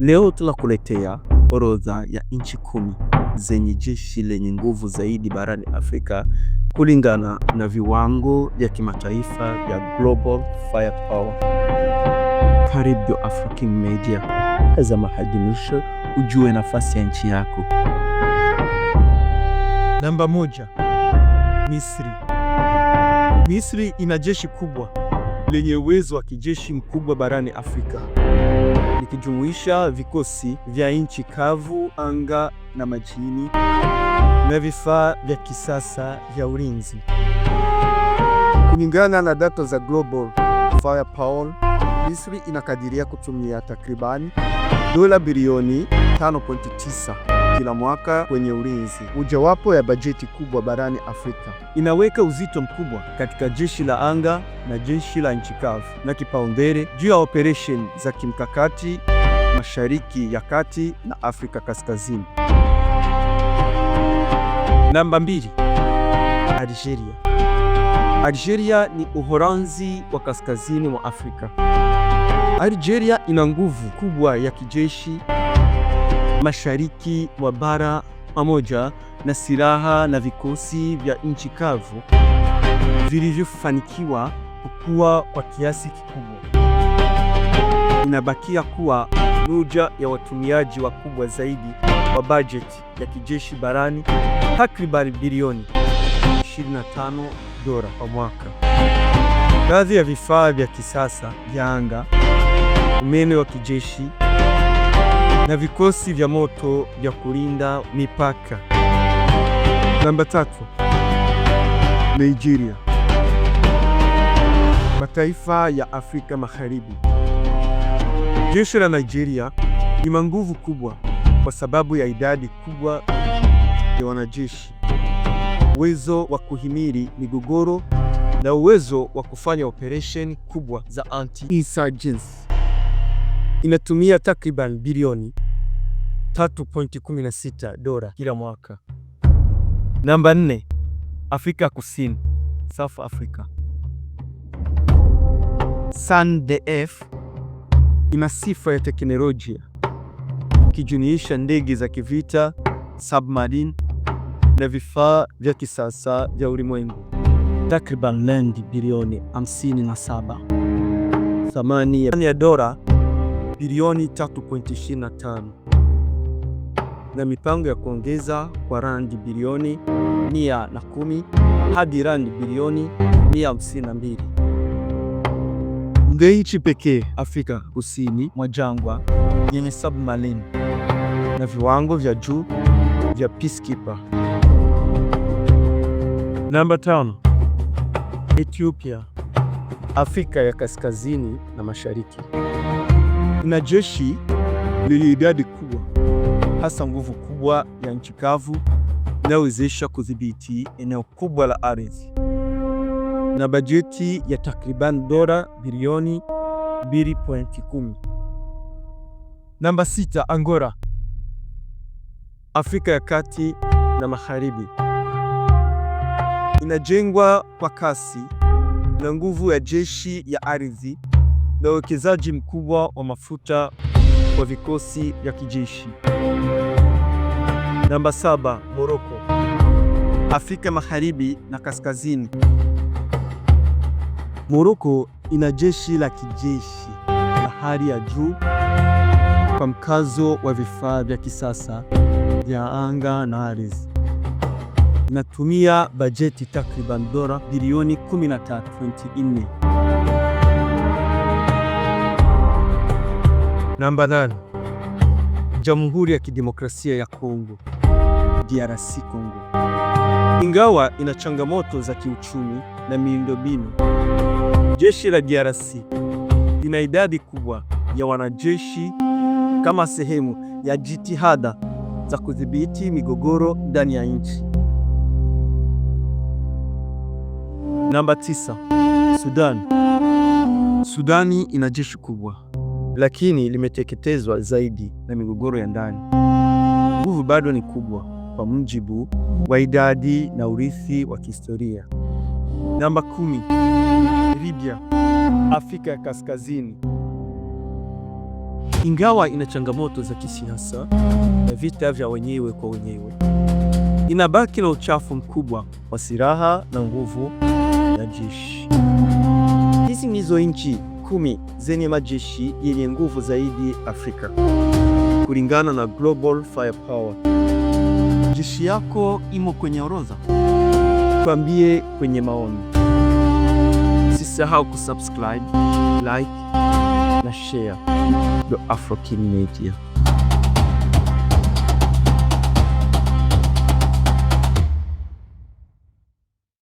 Leo tunakuletea orodha ya nchi kumi zenye jeshi lenye nguvu zaidi barani Afrika kulingana na viwango vya kimataifa vya Global Firepower. Karibu African Media, tazama hadi mwisho ujue nafasi ya nchi yako. Namba moja, Misri. Misri ina jeshi kubwa lenye uwezo wa kijeshi mkubwa barani Afrika likijumuisha vikosi vya nchi kavu, anga na majini na vifaa vya kisasa vya ulinzi. Kulingana na data za Global Firepower, Misri inakadiria kutumia takribani dola bilioni 5.9 kila mwaka kwenye ulinzi, mojawapo ya bajeti kubwa barani Afrika. Inaweka uzito mkubwa katika jeshi la anga na jeshi la nchi kavu na kipaumbele juu ya operesheni za kimkakati Mashariki ya Kati na Afrika Kaskazini. Namba mbili, Algeria. Algeria ni Uholanzi wa kaskazini mwa Afrika. Algeria ina nguvu kubwa ya kijeshi mashariki mwa bara pamoja na silaha na vikosi vya nchi kavu vilivyofanikiwa kukua kwa kiasi kikubwa. Inabakia kuwa moja ya watumiaji wakubwa zaidi wa bajeti ya kijeshi barani, takriban bilioni 25 dola kwa mwaka. Baadhi ya vifaa vya kisasa vya anga, umeme wa kijeshi na vikosi vya moto vya kulinda mipaka. Namba tatu, Nigeria, mataifa ya Afrika Magharibi. Jeshi la Nigeria lina nguvu kubwa kwa sababu ya idadi kubwa ya wanajeshi, uwezo wa kuhimili migogoro na uwezo wa kufanya operesheni kubwa za anti-insurgency inatumia takriban bilioni 3.16 dola kila mwaka. Namba 4, Afrika Kusini, South Africa. SANDF ina sifa ya teknolojia ikijumuisha ndege za kivita, submarine na vifaa vya kisasa vya ulimwengu, takriban rand bilioni 57, thamani ya dola bilioni 3.25 na mipango ya kuongeza kwa randi bilioni 110 hadi randi bilioni 152. ndeichi pekee Afrika Kusini mwa jangwa yenye submarine na viwango vya juu vya peacekeeper. Namba tano, Ethiopia, Afrika ya Kaskazini na Mashariki na jeshi lenye idadi kubwa, hasa nguvu kubwa ya nchi kavu inayowezesha kudhibiti eneo kubwa la ardhi na bajeti ya takriban dola bilioni 2.10. Namba 6, Angola, Afrika ya Kati na Magharibi. Inajengwa kwa kasi na nguvu ya jeshi ya ardhi na uwekezaji mkubwa wa mafuta kwa vikosi vya kijeshi. Namba saba, Morocco. Afrika Magharibi na Kaskazini. Morocco ina jeshi la kijeshi la hali ya juu kwa mkazo wa vifaa vya kisasa vya anga na ardhi. Inatumia bajeti takriban dola bilioni 13.4 Namba nane, Jamhuri ya Kidemokrasia ya Kongo, DRC Kongo. Ingawa ina changamoto za kiuchumi na miundombinu, jeshi la DRC lina idadi kubwa ya wanajeshi kama sehemu ya jitihada za kudhibiti migogoro ndani ya nchi. Namba tisa, Sudan. Sudani ina jeshi kubwa lakini limeteketezwa zaidi na migogoro ya ndani. Nguvu bado ni kubwa kwa mujibu wa idadi na urithi wa kihistoria. Namba kumi. Libya, Afrika ya Kaskazini. Ingawa ina changamoto za kisiasa na vita vya wenyewe kwa wenyewe, inabaki na uchafu mkubwa wa silaha na nguvu ya jeshi. Hizi ndizo nchi kumi zenye majeshi yenye nguvu zaidi Afrika kulingana na Global Firepower. Jeshi yako imo kwenye orodha, tuambie kwenye maoni. Usisahau kusubscribe, like na share. The african Media.